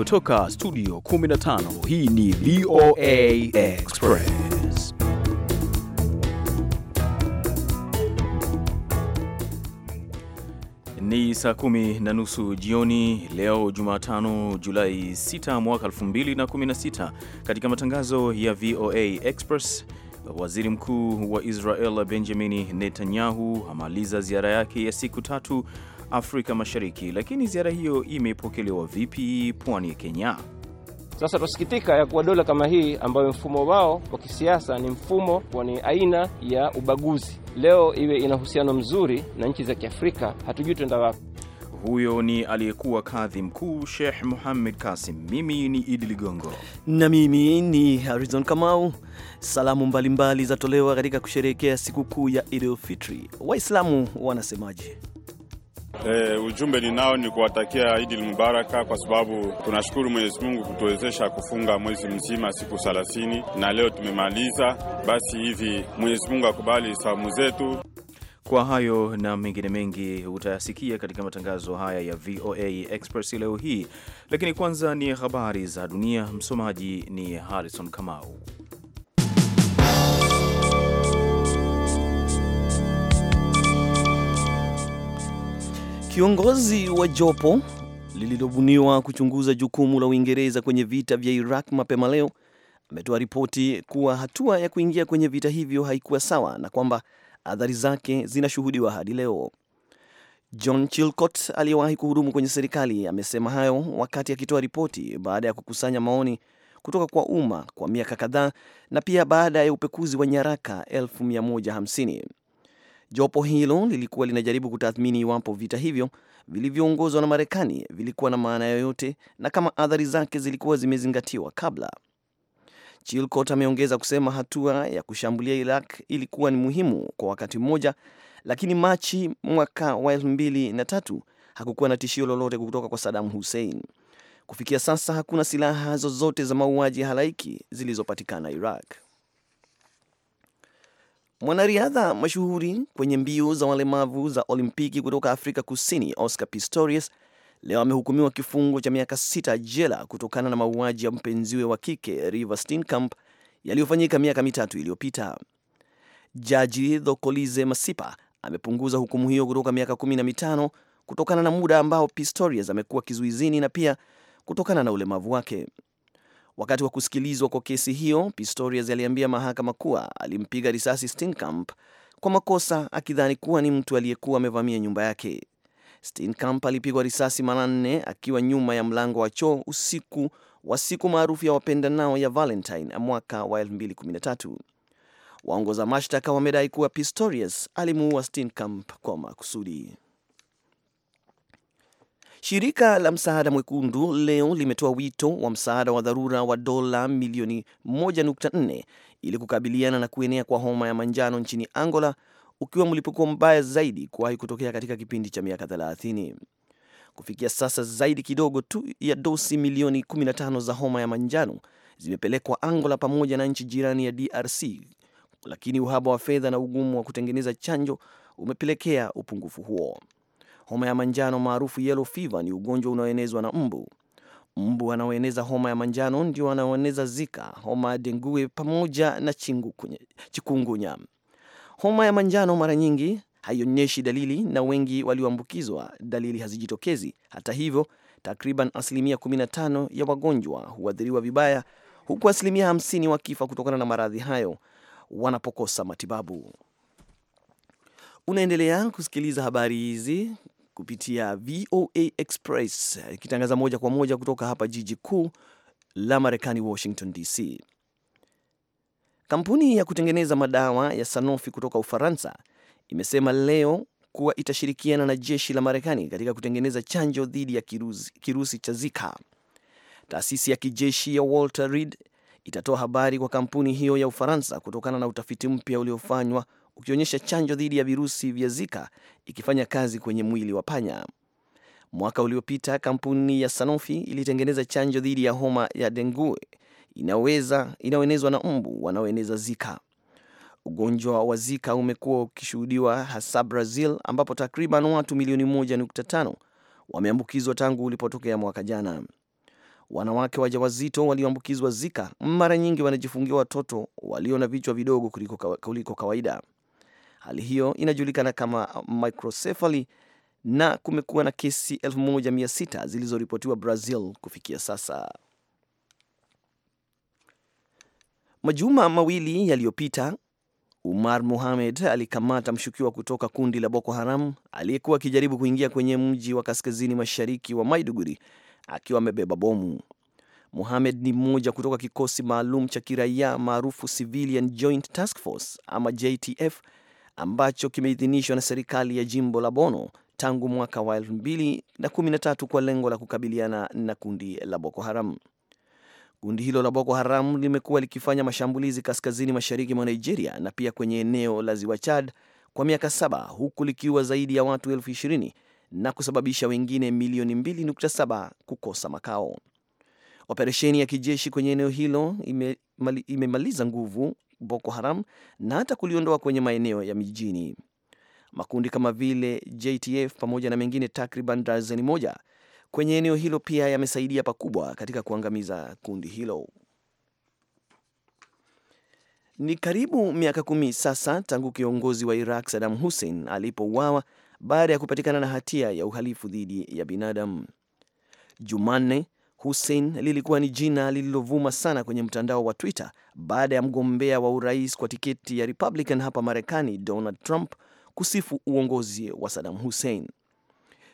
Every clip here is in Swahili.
kutoka studio 15 hii ni VOA Express ni saa kumi na nusu jioni leo Jumatano Julai 6 mwaka 2016 katika matangazo ya VOA Express Waziri Mkuu wa Israel Benjamin Netanyahu amaliza ziara yake ya siku tatu Afrika Mashariki. Lakini ziara hiyo imepokelewa vipi pwani ya Kenya? Sasa tunasikitika ya kuwa dola kama hii ambayo mfumo wao wa kisiasa ni mfumo kwa ni aina ya ubaguzi, leo iwe ina uhusiano mzuri na nchi za Kiafrika, hatujui tuenda wapi. Huyo ni aliyekuwa kadhi mkuu Sheikh Muhammad Kasim. Mimi ni Idi Ligongo na mimi ni Harrison Kamau. Salamu mbalimbali zatolewa katika kusherehekea sikukuu ya Idul Fitri. Waislamu wanasemaje? E, ujumbe ninao ni kuwatakia Idil Mubaraka kwa sababu tunashukuru Mwenyezi Mungu kutuwezesha kufunga mwezi mzima siku 30 na leo tumemaliza. Basi hivi Mwenyezi Mungu akubali saumu zetu. Kwa hayo na mengine mengi utayasikia katika matangazo haya ya VOA Express leo hii, lakini kwanza ni habari za dunia. Msomaji ni Harrison Kamau. Kiongozi wa jopo lililobuniwa kuchunguza jukumu la Uingereza kwenye vita vya Iraq mapema leo ametoa ripoti kuwa hatua ya kuingia kwenye vita hivyo haikuwa sawa na kwamba athari zake zinashuhudiwa hadi leo. John Chilcott aliyewahi kuhudumu kwenye serikali amesema hayo wakati akitoa ripoti baada ya kukusanya maoni kutoka kwa umma kwa miaka kadhaa na pia baada ya upekuzi wa nyaraka 1150. Jopo hilo lilikuwa linajaribu kutathmini iwapo vita hivyo vilivyoongozwa na Marekani vilikuwa na maana yoyote na kama athari zake zilikuwa zimezingatiwa kabla. Chilcot ameongeza kusema hatua ya kushambulia Iraq ilikuwa ni muhimu kwa wakati mmoja, lakini Machi mwaka wa elfu mbili na tatu hakukuwa na tishio lolote kutoka kwa Saddam Hussein. Kufikia sasa hakuna silaha zozote za mauaji halaiki zilizopatikana Iraq. Mwanariadha mashuhuri kwenye mbio za walemavu za Olimpiki kutoka Afrika Kusini Oscar Pistorius leo amehukumiwa kifungo cha miaka sita jela kutokana na mauaji ya mpenziwe wa kike River Steenkamp yaliyofanyika miaka mitatu iliyopita. Jaji Thokolize Masipa amepunguza hukumu hiyo kutoka miaka kumi na mitano kutokana na muda ambao Pistorius amekuwa kizuizini na pia kutokana na ulemavu wake. Wakati wa kusikilizwa kwa kesi hiyo, Pistorius aliambia mahakama kuwa alimpiga risasi Steenkamp kwa makosa akidhani kuwa ni mtu aliyekuwa amevamia nyumba yake. Steenkamp alipigwa risasi mara nne akiwa nyuma ya mlango wa choo usiku wa siku maarufu ya wapenda nao ya Valentine mwaka wa 2013. Waongoza mashtaka wamedai kuwa Pistorius alimuua Steenkamp kwa makusudi. Shirika la Msaada Mwekundu leo limetoa wito wa msaada wa dharura wa dola milioni 1.4 ili kukabiliana na kuenea kwa homa ya manjano nchini Angola, ukiwa mlipuko mbaya zaidi kuwahi kutokea katika kipindi cha miaka 30. Kufikia sasa zaidi kidogo tu ya dosi milioni 15 za homa ya manjano zimepelekwa Angola pamoja na nchi jirani ya DRC, lakini uhaba wa fedha na ugumu wa kutengeneza chanjo umepelekea upungufu huo. Homa ya manjano maarufu yellow fever ni ugonjwa unaoenezwa na mbu. Mbu anaoeneza homa ya manjano ndio anaoeneza Zika, homa ya dengue pamoja na chikungunya. Homa ya manjano mara nyingi haionyeshi dalili na wengi walioambukizwa dalili hazijitokezi. Hata hivyo, takriban asilimia 15 ya wagonjwa huathiriwa vibaya, huku asilimia 50 wakifa kutokana na maradhi hayo wanapokosa matibabu. Unaendelea kusikiliza habari hizi kupitia VOA Express ikitangaza moja kwa moja kutoka hapa jiji kuu la Marekani, Washington DC. Kampuni ya kutengeneza madawa ya Sanofi kutoka Ufaransa imesema leo kuwa itashirikiana na jeshi la Marekani katika kutengeneza chanjo dhidi ya kirusi, kirusi cha Zika. Taasisi ya kijeshi ya Walter Reed itatoa habari kwa kampuni hiyo ya Ufaransa kutokana na utafiti mpya uliofanywa ukionyesha chanjo dhidi ya virusi vya Zika ikifanya kazi kwenye mwili wa panya. Mwaka uliopita kampuni ya Sanofi ilitengeneza chanjo dhidi ya homa ya dengue inaweza inayoenezwa na mbu wanaoeneza Zika. Ugonjwa wa Zika umekuwa ukishuhudiwa hasa Brazil, ambapo takriban watu milioni 1.5 wameambukizwa tangu ulipotokea mwaka jana. Wanawake wajawazito walioambukizwa Zika mara nyingi wanajifungia watoto walio na vichwa vidogo kuliko kawaida. Hali hiyo inajulikana kama microcephaly na kumekuwa na kesi 1600 zilizoripotiwa Brazil kufikia sasa. Majuma mawili yaliyopita Umar muhamed alikamata mshukiwa kutoka kundi la Boko Haram aliyekuwa akijaribu kuingia kwenye mji wa kaskazini mashariki wa Maiduguri akiwa amebeba bomu. muhamed ni mmoja kutoka kikosi maalum cha kiraia maarufu Civilian Joint Task Force ama JTF ambacho kimeidhinishwa na serikali ya jimbo la Bono tangu mwaka wa 2013 kwa lengo la kukabiliana na kundi la Boko Haram. Kundi hilo la Boko Haram limekuwa likifanya mashambulizi kaskazini mashariki mwa Nigeria na pia kwenye eneo la ziwa Chad kwa miaka saba huku likiwa zaidi ya watu elfu ishirini na kusababisha wengine milioni 2.7 kukosa makao. Operesheni ya kijeshi kwenye eneo hilo imemaliza ime nguvu Boko Haram na hata kuliondoa kwenye maeneo ya mijini. Makundi kama vile JTF pamoja na mengine takriban dazeni moja kwenye eneo hilo pia yamesaidia pakubwa katika kuangamiza kundi hilo. Ni karibu miaka kumi sasa tangu kiongozi wa Iraq Saddam Hussein alipouawa baada ya kupatikana na hatia ya uhalifu dhidi ya binadamu. Jumanne, Hussein lilikuwa ni jina lililovuma sana kwenye mtandao wa Twitter baada ya mgombea wa urais kwa tiketi ya Republican hapa Marekani, Donald Trump kusifu uongozi wa Saddam Hussein.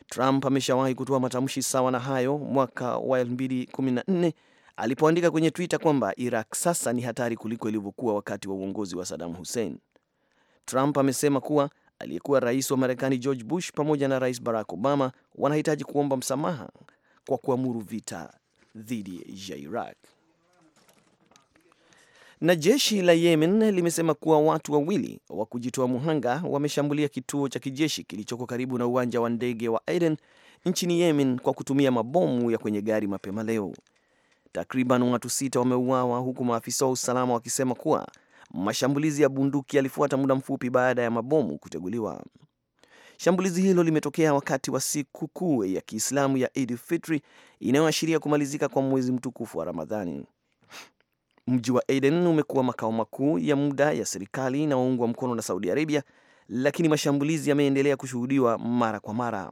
Trump ameshawahi kutoa matamshi sawa na hayo mwaka wa 2014 alipoandika kwenye Twitter kwamba Iraq sasa ni hatari kuliko ilivyokuwa wakati wa uongozi wa Saddam Hussein. Trump amesema kuwa aliyekuwa rais wa Marekani George Bush pamoja na rais Barack Obama wanahitaji kuomba msamaha kwa kuamuru vita dhidi ya Iraq. Na jeshi la Yemen limesema kuwa watu wawili wa kujitoa muhanga wameshambulia kituo cha kijeshi kilichoko karibu na uwanja wa ndege wa Aden nchini Yemen kwa kutumia mabomu ya kwenye gari mapema leo. Takriban watu sita wameuawa huku maafisa wa usalama wakisema kuwa mashambulizi ya bunduki yalifuata muda mfupi baada ya mabomu kuteguliwa. Shambulizi hilo limetokea wakati wa siku kuu ya Kiislamu ya Idi Fitri inayoashiria kumalizika kwa mwezi mtukufu wa Ramadhani. Mji wa Aden umekuwa makao makuu ya muda ya serikali inayoungwa mkono na Saudi Arabia, lakini mashambulizi yameendelea kushuhudiwa mara kwa mara.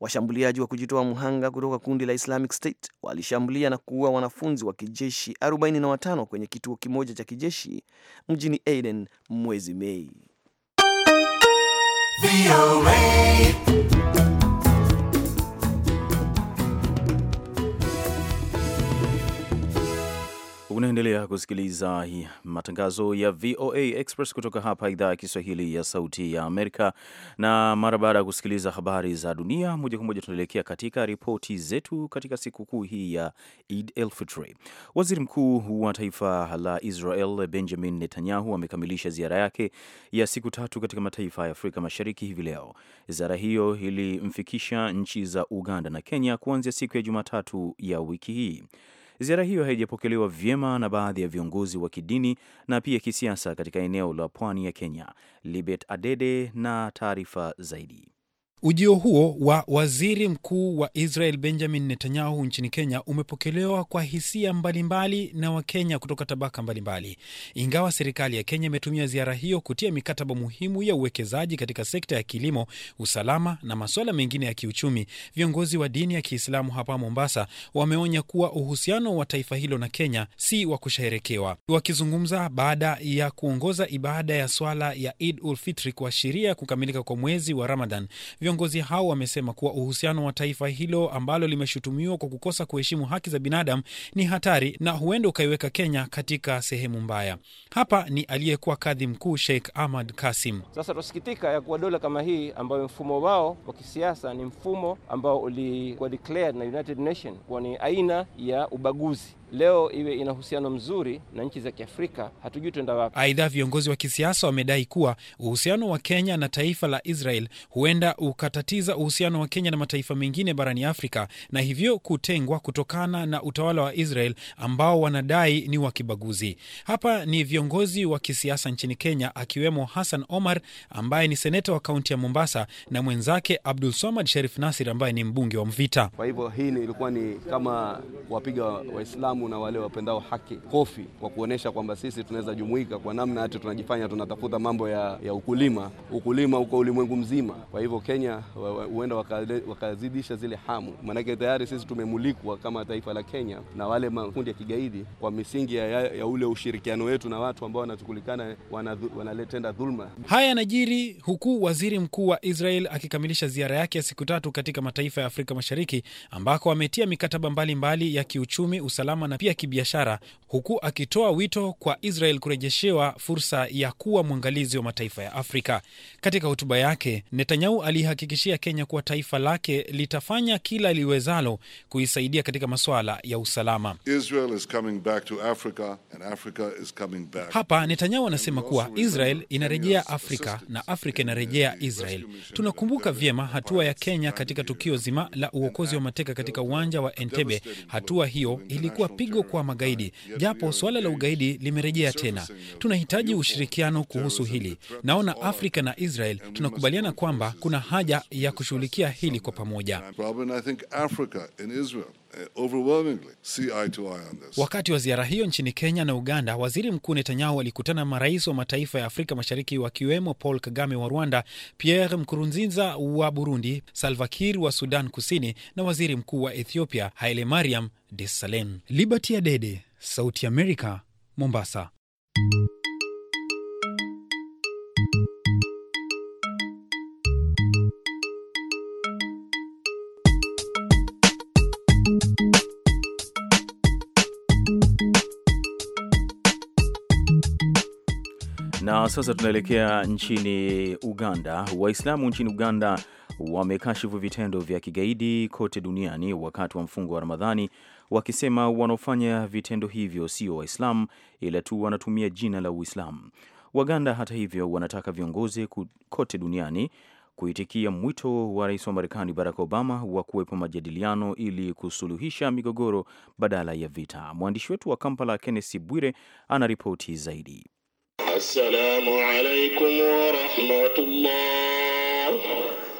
Washambuliaji wa kujitoa mhanga kutoka kundi la Islamic State walishambulia na kuua wanafunzi wa kijeshi 45 kwenye kituo kimoja cha kijeshi mjini Aden mwezi Mei. VOA Unaendelea kusikiliza matangazo ya VOA Express kutoka hapa idhaa ya Kiswahili ya Sauti ya Amerika, na mara baada ya kusikiliza habari za dunia moja kwa moja, tunaelekea katika ripoti zetu katika siku kuu hii ya Eid el Waziri Mkuu wa taifa la Israel Benjamin Netanyahu amekamilisha ziara yake ya siku tatu katika mataifa ya Afrika Mashariki hivi leo. Ziara hiyo ilimfikisha nchi za Uganda na Kenya kuanzia siku ya Jumatatu ya wiki hii. Ziara hiyo haijapokelewa vyema na baadhi ya viongozi wa kidini na pia kisiasa katika eneo la pwani ya Kenya. Libet Adede na taarifa zaidi. Ujio huo wa waziri mkuu wa Israel Benjamin Netanyahu nchini Kenya umepokelewa kwa hisia mbalimbali na Wakenya kutoka tabaka mbalimbali. Ingawa serikali ya Kenya imetumia ziara hiyo kutia mikataba muhimu ya uwekezaji katika sekta ya kilimo, usalama na masuala mengine ya kiuchumi, viongozi wa dini ya Kiislamu hapa Mombasa wameonya kuwa uhusiano wa taifa hilo na Kenya si wa kusheherekewa. Wakizungumza baada ya kuongoza ibada ya swala ya Eid ul Fitri kuashiria kukamilika kwa mwezi wa Ramadhan, Viongozi hao wamesema kuwa uhusiano wa taifa hilo ambalo limeshutumiwa kwa kukosa kuheshimu haki za binadamu ni hatari na huenda ukaiweka Kenya katika sehemu mbaya. Hapa ni aliyekuwa kadhi mkuu Sheikh Ahmad Kasim. Sasa tunasikitika ya kuwa dola kama hii ambayo mfumo wao wa kisiasa ni mfumo ambao ulikuwa declared na United kuwa ni aina ya ubaguzi leo iwe ina uhusiano mzuri na nchi za Kiafrika, hatujui tuenda wapi. Aidha, viongozi wa kisiasa wamedai kuwa uhusiano wa Kenya na taifa la Israel huenda ukatatiza uhusiano wa Kenya na mataifa mengine barani Afrika na hivyo kutengwa kutokana na utawala wa Israel ambao wanadai ni wa kibaguzi. Hapa ni viongozi wa kisiasa nchini Kenya, akiwemo Hassan Omar ambaye ni seneta wa kaunti ya Mombasa na mwenzake Abdul Somad Sherif Nasir ambaye ni mbunge wa Mvita. Kwa hivyo hii ilikuwa ni kama wapiga Waislamu Waislamu na wale wapendao haki kofi, kwa kuonesha kwamba sisi tunaweza jumuika kwa namna hati tunajifanya tunatafuta mambo ya, ya ukulima. Ukulima uko ulimwengu mzima, kwa hivyo Kenya huenda wakazidisha zile hamu, maanake tayari sisi tumemulikwa kama taifa la Kenya na wale makundi ya kigaidi kwa misingi ya, ya ule ushirikiano wetu na watu ambao wanatukulikana wanaletenda dhulma. Haya yanajiri huku waziri mkuu wa Israel akikamilisha ziara yake ya siku tatu katika mataifa ya Afrika Mashariki ambako ametia mikataba mbalimbali mbali ya kiuchumi, usalama usalama na pia kibiashara, huku akitoa wito kwa Israel kurejeshewa fursa ya kuwa mwangalizi wa mataifa ya Afrika. Katika hotuba yake, Netanyahu alihakikishia Kenya kuwa taifa lake litafanya kila liwezalo kuisaidia katika masuala ya usalama. Africa Africa hapa Netanyahu anasema kuwa Israel inarejea Afrika na Afrika inarejea Israel. Tunakumbuka vyema hatua ya Kenya katika tukio zima la uokozi wa mateka katika uwanja wa Entebbe. Hatua hiyo ilikuwa pigo kwa magaidi, japo suala la ugaidi limerejea tena. Tunahitaji ushirikiano kuhusu hili. Naona Afrika na Israel tunakubaliana kwamba kuna haja ya kushughulikia hili kwa pamoja. Eh, Wakati wa ziara hiyo nchini Kenya na Uganda, waziri mkuu Netanyahu alikutana na marais wa mataifa ya Afrika Mashariki, wakiwemo Paul Kagame wa Rwanda, Pierre Nkurunziza wa Burundi, Salva Kiir wa Sudan Kusini na waziri mkuu wa Ethiopia Haile Mariam Des Salaam. Liberty Adede, Sauti Amerika, Mombasa. Na sasa tunaelekea nchini Uganda. Waislamu nchini Uganda wamekashifu vitendo vya kigaidi kote duniani wakati wa mfungo wa Ramadhani wakisema wanaofanya vitendo hivyo sio Waislamu ila tu wanatumia jina la Uislamu. Waganda hata hivyo wanataka viongozi kote duniani kuitikia mwito wa rais wa Marekani Barack Obama wa kuwepo majadiliano ili kusuluhisha migogoro badala ya vita. Mwandishi wetu wa Kampala Kennesi Bwire anaripoti zaidi. Assalamu alaikum warahmatullah.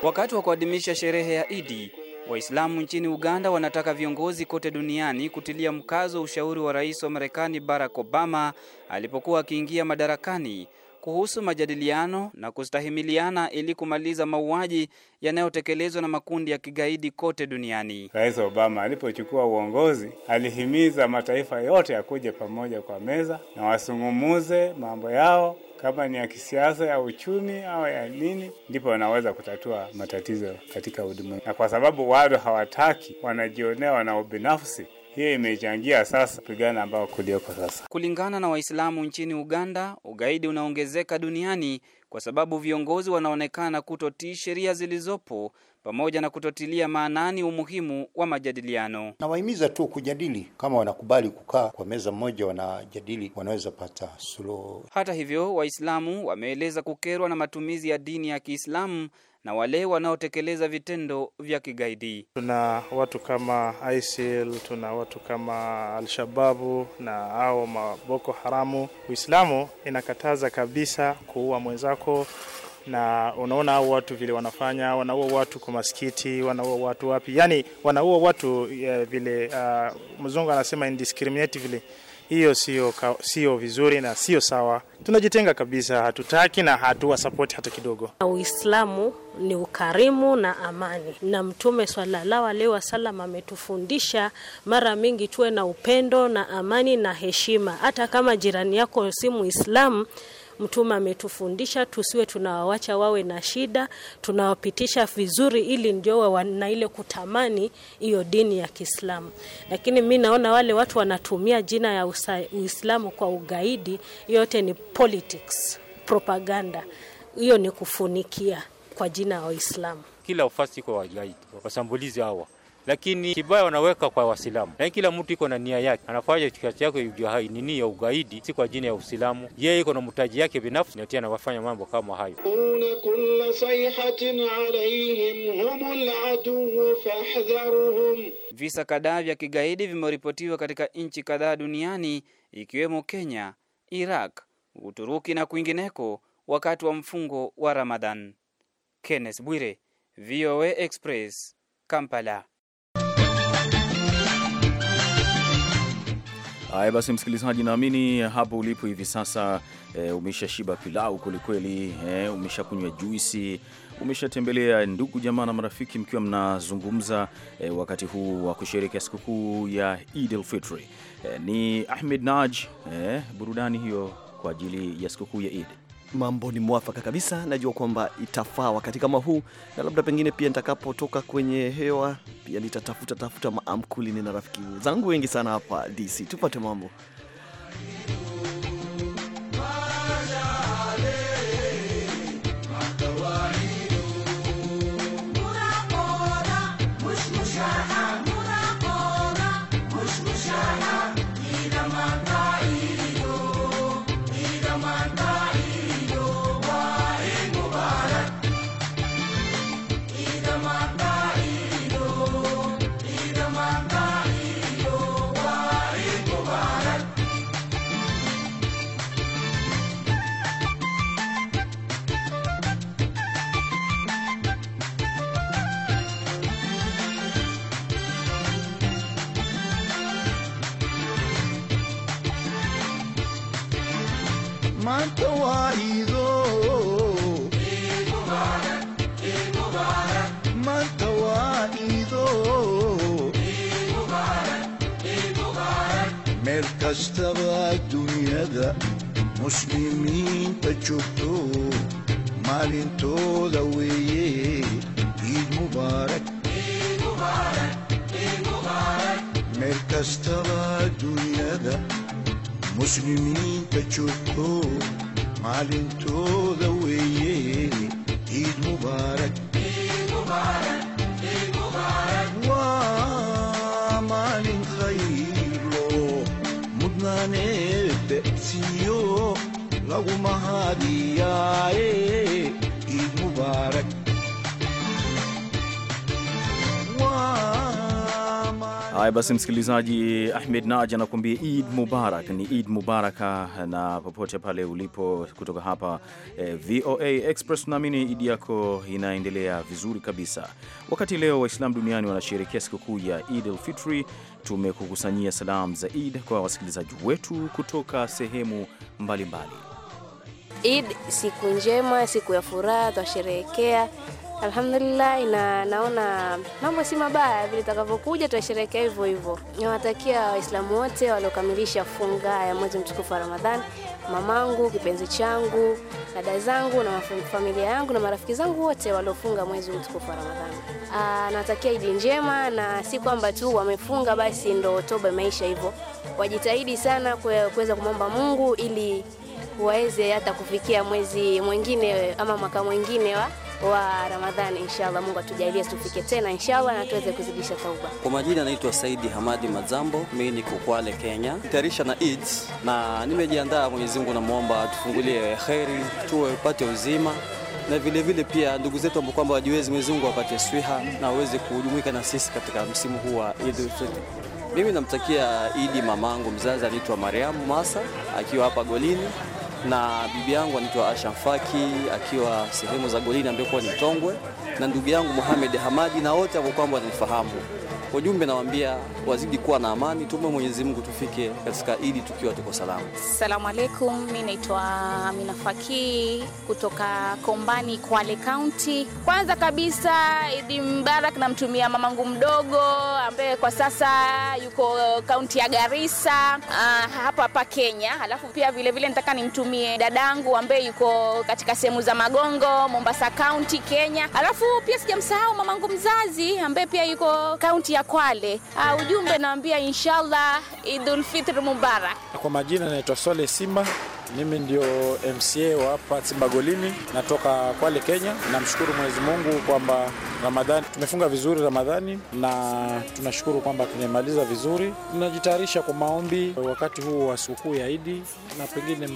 Wakati wa kuadhimisha sherehe ya Idi, Waislamu nchini Uganda wanataka viongozi kote duniani kutilia mkazo ushauri wa rais wa Marekani Barack Obama alipokuwa akiingia madarakani kuhusu majadiliano na kustahimiliana ili kumaliza mauaji yanayotekelezwa na makundi ya kigaidi kote duniani. Rais Obama alipochukua uongozi, alihimiza mataifa yote yakuje pamoja kwa meza na wasungumuze mambo yao kama ni ya kisiasa ya uchumi au ya nini, ndipo wanaweza kutatua matatizo katika ulimwengu. Na kwa sababu watu hawataki, wanajionea, wana ubinafsi, hiyo imechangia sasa pigana ambao kulioko sasa. Kulingana na Waislamu nchini Uganda, ugaidi unaongezeka duniani kwa sababu viongozi wanaonekana kutotii sheria zilizopo pamoja na kutotilia maanani umuhimu wa majadiliano. Nawahimiza tu kujadili, kama wanakubali kukaa kwa meza mmoja wanajadili, wanaweza pata suluhu. Hata hivyo, Waislamu wameeleza kukerwa na matumizi ya dini ya Kiislamu na wale wanaotekeleza vitendo vya kigaidi. Tuna watu kama ISIL, tuna watu kama Alshababu na au maboko haramu. Uislamu inakataza kabisa kuua mwenzako na unaona hao watu vile wanafanya, wanaua watu kwa masikiti, wanaua watu wapi, yani wanaua watu uh, vile uh, mzungu anasema indiscriminatively hiyo sio sio vizuri na sio sawa. Tunajitenga kabisa, hatutaki na hatuwasapoti hata kidogo. Uislamu ni ukarimu na amani, na Mtume sallallahu alaihi wasallam ametufundisha mara mingi tuwe na upendo na amani na heshima, hata kama jirani yako si Muislamu Mtume ametufundisha tusiwe tunawawacha wawe na shida, tunawapitisha vizuri, ili ndio na ile kutamani hiyo dini ya Kiislamu. Lakini mi naona wale watu wanatumia jina ya Uislamu kwa ugaidi, yote ni politics, propaganda. Hiyo ni kufunikia kwa jina ya Uislamu. Kila ufasi kwa wajaidi, wasambulizi hawa lakini kibaya wanaweka kwa Waislamu, na kila mtu iko na nia yake, anafanya chikachi yake nini ya ugaidi, si kwa ajili ya Uislamu. Yeye iko na mtaji yake binafsi, na tena wafanya mambo kama hayo. Visa kadhaa vya kigaidi vimeripotiwa katika nchi kadhaa duniani ikiwemo Kenya, Iraq, Uturuki na kwingineko wakati wa mfungo wa Ramadhan. Kenneth Bwire, VOA Express, Kampala. Haya basi, msikilizaji, naamini hapo ulipo hivi sasa e, eh, umeshashiba pilau kwelikweli, e, eh, umeshakunywa juisi, umeshatembelea ndugu jamaa na marafiki, mkiwa mnazungumza e, wakati huu wa kusherehekea sikukuu ya Idil E, ni Ahmed Naj, e, burudani hiyo kwa ajili ya sikukuu ya Idi mambo ni mwafaka kabisa, najua kwamba itafaa wakati kama huu, na labda pengine pia nitakapotoka kwenye hewa pia nitatafuta tafuta maamkuli. Nina rafiki zangu wengi sana hapa DC, tupate mambo maalintooda weeye iid mubaarak waa maalin khayro mudnaanee lagu mahadiyaaye iid mubaarak Haya basi, msikilizaji, Ahmed Naj anakuambia Eid Mubarak. Ni Eid Mubaraka, eh, na popote pale ulipo kutoka hapa eh, VOA Express, tunaamini idi yako inaendelea vizuri kabisa. Wakati leo waislam duniani wanasherehekea sikukuu ya Eid al-Fitri, tumekukusanyia salam za Eid kwa wasikilizaji wetu kutoka sehemu mbalimbali mbali. Eid siku njema, siku ya furaha, twasherehekea Alhamdulillah, na naona mambo si mabaya, vile takavyokuja tutasherehekea hivyo hivyo. Niwatakia Waislamu wote waliokamilisha funga ya mwezi mtukufu wa Ramadhani, mamangu kipenzi changu, dada zangu na familia yangu na marafiki zangu wote waliofunga mwezi mtukufu wa Ramadhani. Ah, nawatakia Idi njema, na si kwamba tu wamefunga basi ndo toba imeisha hivyo, wajitahidi sana kuweza kumwomba Mungu ili waweze hata kufikia mwezi mwingine ama mwaka mwingine wa wa Ramadhani inshallah. Mungu atujalie tufike tena inshallah na tuweze kuzidisha tauba. Kwa majina anaitwa Saidi Hamadi Mazambo, mimi ni kukwale Kenya, tayarisha na Eid na nimejiandaa. Mwenyezi Mungu namwomba atufungulie kheri, tuwe pate uzima na vilevile vile pia ndugu zetu ambao kwamba wajiwezi, Mwenyezi Mungu apate swiha na waweze kujumuika na sisi katika msimu huu wa Eid al-Fitr. Mimi namtakia Eid mamangu mzazi anaitwa Mariamu Masa akiwa hapa Golini na bibi yangu anaitwa Asha Mfaki akiwa sehemu za golini ambayo kwa ni Tongwe, na ndugu yangu Mohamed Hamadi na wote ambao kwamba wananifahamu. Kwa jumbe nawaambia wazidi kuwa na amani, tume Mwenyezi Mungu tufike katika Idi tukiwa tuko salama. Asalamu alaykum, mimi naitwa Amina Faki kutoka Kombani Kwale County. Kwanza kabisa Idi Mbarak namtumia mamangu mdogo ambaye kwa sasa yuko kaunti ya Garissa ah, hapa hapa Kenya. Halafu pia vile vile nitaka nimtumie mimi dadangu ambaye yuko katika sehemu za Magongo, Mombasa County, Kenya. Alafu pia sijamsahau mamangu mzazi ambaye pia yuko kaunti ya Kwale. Uh, ujumbe naambia inshallah Idul Fitr Mubarak. Kwa majina naitwa Sole Simba mimi ndio MCA wa hapa Tibagolini, natoka Kwale, Kenya. Namshukuru Mwenyezi Mungu kwamba Ramadhani tumefunga vizuri Ramadhani, na tunashukuru kwamba tumemaliza vizuri. Tunajitayarisha kwa maombi wakati huu wa sikukuu ya Idi, na pengine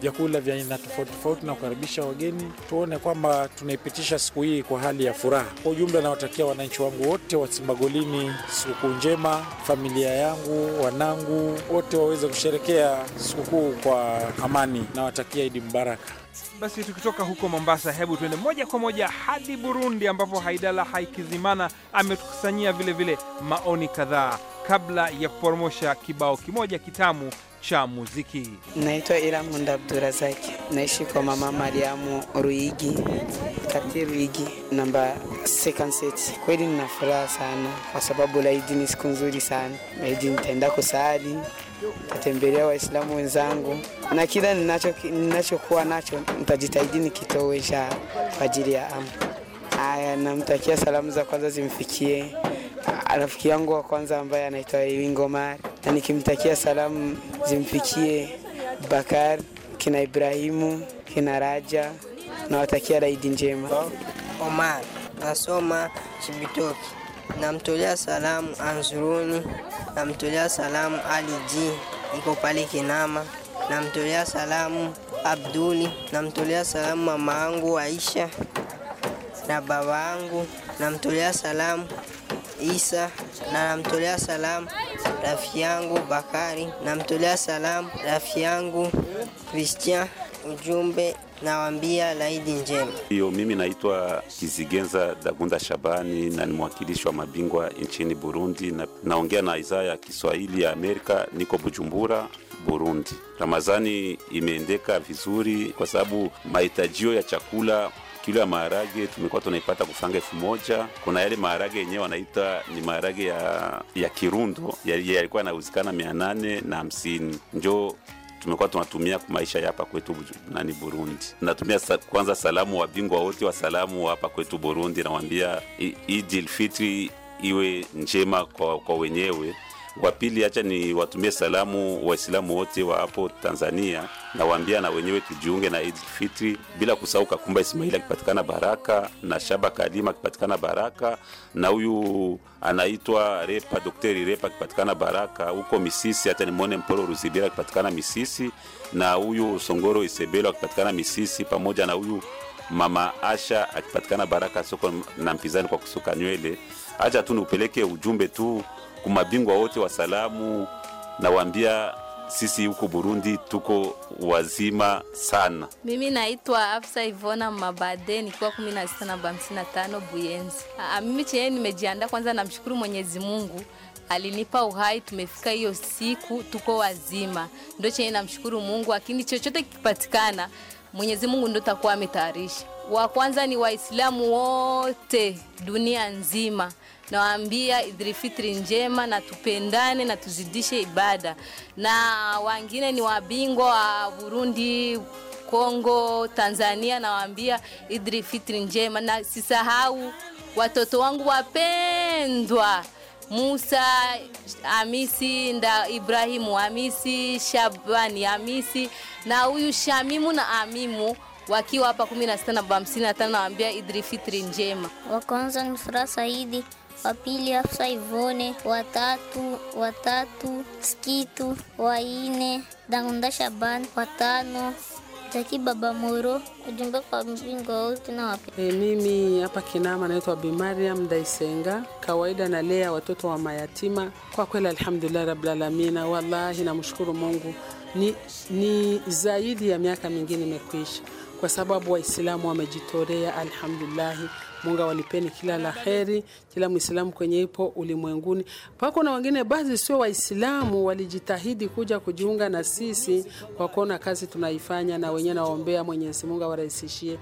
vyakula vya aina tofauti tofauti na kukaribisha wageni, tuone kwamba tunaipitisha siku hii kwa hali ya furaha. Kwa ujumla, nawatakia wananchi wangu wote wa simbagolini sikukuu njema, familia yangu, wanangu wote waweze kusherekea sikukuu kwa amani. Nawatakia Idi Mbaraka. Basi tukitoka huko Mombasa, hebu tuende moja kwa moja hadi Burundi, ambapo Haidala Haikizimana ametukusanyia vilevile maoni kadhaa kabla ya kuporomosha kibao kimoja kitamu cha muziki. Naitwa Iramunda Abdurazaki, naishi kwa mama Mariamu Ruigi, kati Ruigi namba 57. Kweli nina furaha sana kwa sababu laidi ni siku nzuri sana. Laidi nitaenda kusali, nitatembelea Waislamu wenzangu na kila ninachokuwa ninacho nacho nitajitahidi nikitowe sha kwa ajili ya amu. Haya, namtakia salamu za kwanza zimfikie rafiki yangu wa kwanza ambaye anaitwa Wingomar, na nikimtakia salamu zimfikie Bakar, kina Ibrahimu, kina Raja, nawatakia raidi njema. Omar nasoma Chibitoki, namtolea salamu Anzuruni, namtolea salamu Ali G, niko pale Kinama, namtolea salamu Abduli, namtolea salamu mama yangu Aisha na baba angu namtolea salamu Isa na namtolea salamu rafiki yangu Bakari, namtolea salamu rafiki yangu Christian. Ujumbe nawaambia laidi njema. Hiyo, mimi naitwa Kizigenza Dagunda Shabani na ni mwakilishi wa mabingwa nchini Burundi na, naongea na idhaa ya Kiswahili ya Amerika, niko Bujumbura Burundi. Ramadhani imeendeka vizuri kwa sababu mahitajio ya chakula kilo ya maharage tumekuwa tunaipata kufanga elfu moja. Kuna yale maharage yenyewe wanaita ni maharage ya, ya Kirundo yalikuwa yanauzikana mia nane na hamsini njo tumekuwa tunatumia maisha ya hapa kwetu nani Burundi. Natumia sa, kwanza salamu wabingwa wote wa salamu hapa kwetu Burundi, nawambia Idil Fitri iwe njema kwa, kwa wenyewe wa pili, acha ni watumie salamu Waislamu wote wa hapo Tanzania, nawaambia na wenyewe tujiunge na Eid Fitri, bila kusahau Kakumba Ismaili akipatikana Baraka na Shaba Kalima akipatikana Baraka na huyu anaitwa Repa Daktari Repa akipatikana Baraka huko Misisi. Hata nimwone Mpolo Ruzibira akipatikana Misisi na huyu Songoro Isebelo akipatikana Misisi pamoja na huyu Mama Asha akipatikana Baraka soko na mpizani kwa kusuka nywele. hacha tu niupeleke ujumbe tu kumabingwa wote wa salamu nawaambia sisi huko Burundi tuko wazima sana. Mimi naitwa Afsa Ivona Mabade nikiwa 16 namba 55 Buyenzi. mimi chenye nimejiandaa kwanza, namshukuru Mwenyezi Mungu alinipa uhai, tumefika hiyo siku, tuko wazima, ndio chenye namshukuru Mungu, lakini chochote kikipatikana Mwenyezi Mungu ndio takuwa ametayarisha. Wa kwanza ni Waislamu wote dunia nzima, nawaambia Idul Fitri njema, na tupendane na tuzidishe ibada. Na wengine ni wabingwa wa Burundi, Kongo, Tanzania, nawaambia idri Fitri njema, na sisahau watoto wangu wapendwa Musa Hamisi nda Ibrahimu Hamisi Shabani Hamisi na huyu Shamimu na Amimu wakiwa hapa 16 na 55 nawaambia Idri Fitri njema. Wa kwanza ni Furaha Saidi, wa pili Afsa Ivone, watatu watatu Sikitu, waine Dangunda Shaban, watano Jaki Baba Moro. Ujumbe kwa mbingo wote na wapi? E, mimi hapa Kinama naitwa Bi Mariam Daisenga, kawaida nalea watoto wa mayatima. Kwa kweli alhamdulillah rabbil alamin, wallahi namshukuru Mungu ni, ni zaidi ya miaka mingine imekwisha kwa sababu Waislamu wamejitolea. Alhamdulillahi, Mungu walipeni kila la heri, kila Mwislamu kwenye ipo ulimwenguni. Pako na wengine basi sio Waislamu walijitahidi kuja kujiunga na sisi kwa kuona kazi tunaifanya, na wenyewe nawaombea Mwenyezi awarahisishie.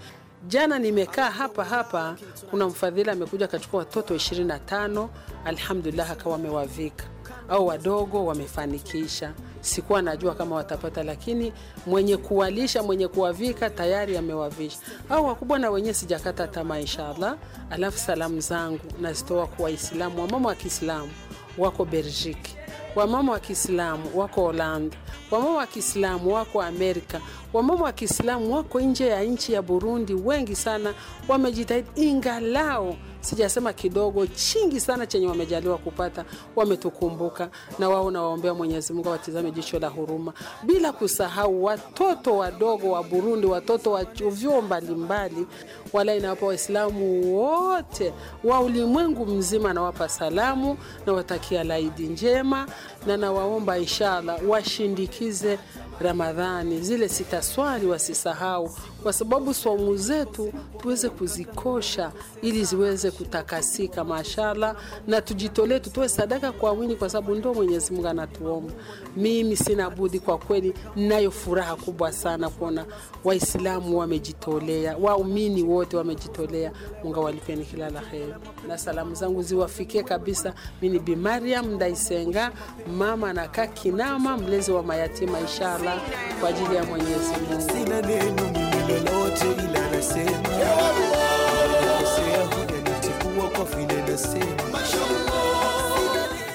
Jana nimekaa hapa hapa, kuna mfadhili amekuja akachukua watoto 25 alhamdulillah, akawa amewavika au wadogo wamefanikisha. Sikuwa najua kama watapata, lakini mwenye kuwalisha, mwenye kuwavika tayari amewavisha. Au wakubwa na wenyewe sijakata tamaa, inshallah. Alafu salamu zangu nazitoa kwa Waislamu, wamama wa Kiislamu wako Belgique, wamama wa Kiislamu wako Holanda, wamama wa Kiislamu wako Amerika, wamama wa Kiislamu wako nje ya nchi ya Burundi, wengi sana wamejitahidi ingalao sijasema kidogo, chingi sana chenye wamejaliwa kupata, wametukumbuka na wao, nawaombea Mwenyezi Mungu awatizame jicho la huruma, bila kusahau watoto wadogo wa Burundi, watoto wa vyuo mbalimbali. Wala inawapa Waislamu wote wa ulimwengu mzima, nawapa salamu, nawatakia laidi njema, na nawaomba inshallah washindikize Ramadhani, zile sitaswali wasisahau kwa sababu saumu zetu tuweze kuzikosha ili ziweze kutakasika, mashala, na tujitolee, tutoe sadaka kwa wingi, kwa sababu ndio Mwenyezi Mungu anatuomba. Mimi sina budi, kwa kweli nayo furaha kubwa sana kuona Waislamu wamejitolea, waumini wote wamejitolea. Mungu walipeni kila la heri, na salamu zangu ziwafikie kabisa. Mimi ni Bi Mariam Ndaisenga, mama kaki Kinama, mlezi wa mayatima, inshallah kwa ajili ya Mwenyezi Mungu lolote ila nasema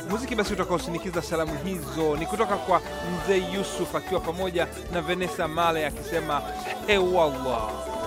muziki basi utakaosinikiza salamu hizo ni kutoka kwa mzee Yusuf akiwa pamoja na venesa Male akisema ewallah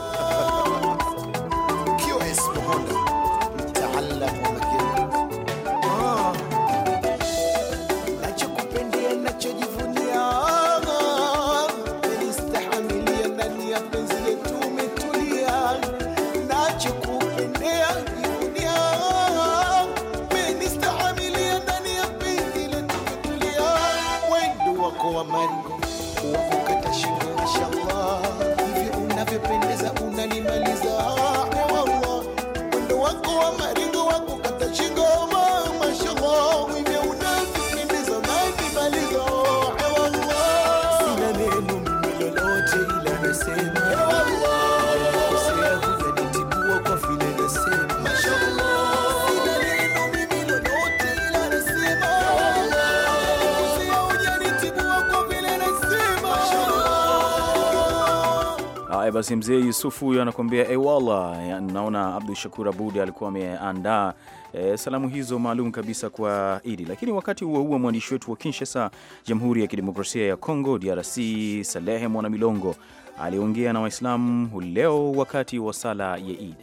Basi mzee Yusufu huyo anakuambia ewala. Eh, naona Abdu Shakur Abud alikuwa ameandaa e, salamu hizo maalum kabisa kwa Idi, lakini wakati huo huo mwandishi wetu wa Kinshasa, Jamhuri ya Kidemokrasia ya Kongo DRC, Salehe Mwanamilongo aliongea na Waislamu leo wakati wa sala ya Idi.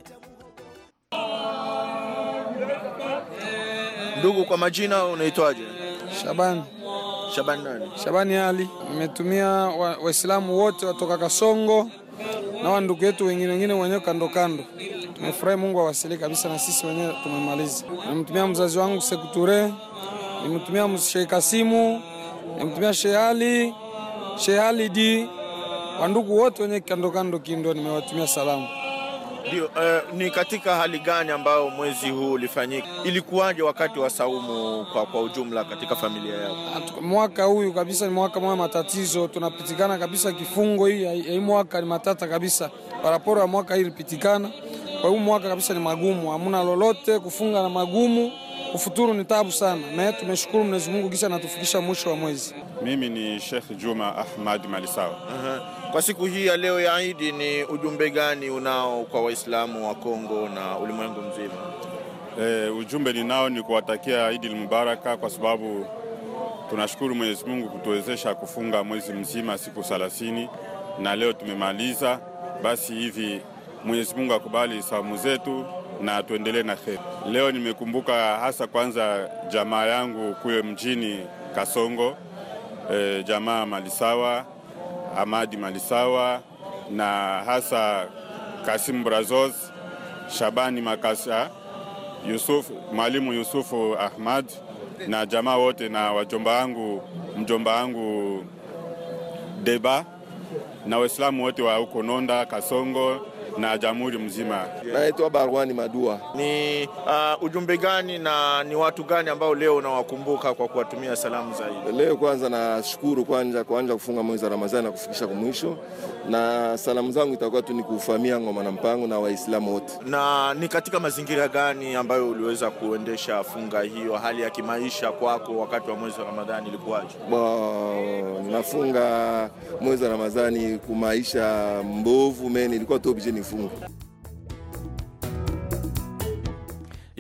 Ndugu, kwa majina unaitwaje? Shabani. Shabani nani? Shabani Ali. Nimetumia Waislamu wote watoka Kasongo na ndugu yetu wengine wengine wenyewe kando kando. Tumefurahi, Mungu awasili kabisa, na sisi wenyewe tumemaliza. Nimtumia mzazi wangu Sekuture, nimtumia Sheikh Kasimu, nimtumia Sheikh Ali, Sheikh Alidi, wandugu wote wenye kando kando Kindo, nimewatumia salamu. Ndio. Uh, ni katika hali gani ambayo mwezi huu ulifanyika? Ilikuwaje wakati wa saumu kwa, kwa ujumla katika familia yako? Ah, mwaka huyu kabisa ni mwaka mwa matatizo, tunapitikana kabisa kifungo. Hii ya mwaka ni matata kabisa, paraporo ya mwaka hii ilipitikana. Kwa hiyo mwaka kabisa ni magumu, hamuna lolote, kufunga na magumu ufuturu ni tabu sana, na tumeshukuru Mwenyezi Mungu kisha anatufikisha mwisho wa mwezi. Mimi ni Sheikh Juma Ahmad Malisawa. uh -huh. Kwa siku hii ya leo ya Idi, ni ujumbe gani unao kwa Waislamu wa Kongo na ulimwengu mzima? E, ujumbe ninao ni kuwatakia Idi Mubaraka kwa sababu tunashukuru Mwenyezi Mungu kutuwezesha kufunga mwezi mzima siku 30 na leo tumemaliza. Basi hivi Mwenyezi Mungu akubali saumu zetu na tuendelee na heri. Leo nimekumbuka hasa kwanza jamaa yangu kule mjini Kasongo, e, jamaa Malisawa Amadi Malisawa na hasa Kasim Brazos, Shabani makasa Yusuf, Mwalimu Yusufu Ahmad na jamaa wote na wajomba wangu mjomba wangu Deba na Waislamu wote wa huko Nonda, Kasongo na jamhuri mzima. Naitwa Barwani Madua. Ni uh, ujumbe gani na ni watu gani ambao leo unawakumbuka kwa kuwatumia salamu zaidi? Leo kwanza nashukuru kwanza kuanza kufunga mwezi wa Ramadhani na kufikisha kwa mwisho, na salamu zangu itakuwa tu ni kuufamia ngoma na mpango na Waislamu wote. Na ni katika mazingira gani ambayo uliweza kuendesha funga hiyo? Hali ya kimaisha kwako wakati wa mwezi wa Ramadhani ilikuwaje? nafunga mwezi wa Ramadhani kumaisha mbovu mimi nilikuwa tu option nifunge.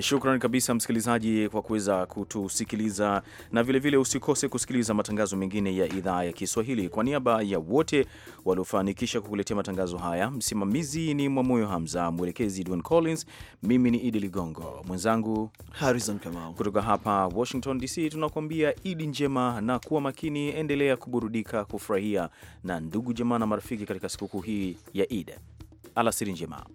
Shukran kabisa msikilizaji kwa kuweza kutusikiliza, na vilevile vile usikose kusikiliza matangazo mengine ya idhaa ya Kiswahili. Kwa niaba ya wote waliofanikisha kukuletea matangazo haya, msimamizi ni Mwamoyo Hamza, mwelekezi Edwin Collins, mimi ni Idi Ligongo, mwenzangu Harrison Kamau kutoka hapa Washington DC. Tunakuambia Idi njema na kuwa makini, endelea kuburudika, kufurahia na ndugu jamaa na marafiki katika sikukuu hii ya Idi. Alasiri njema.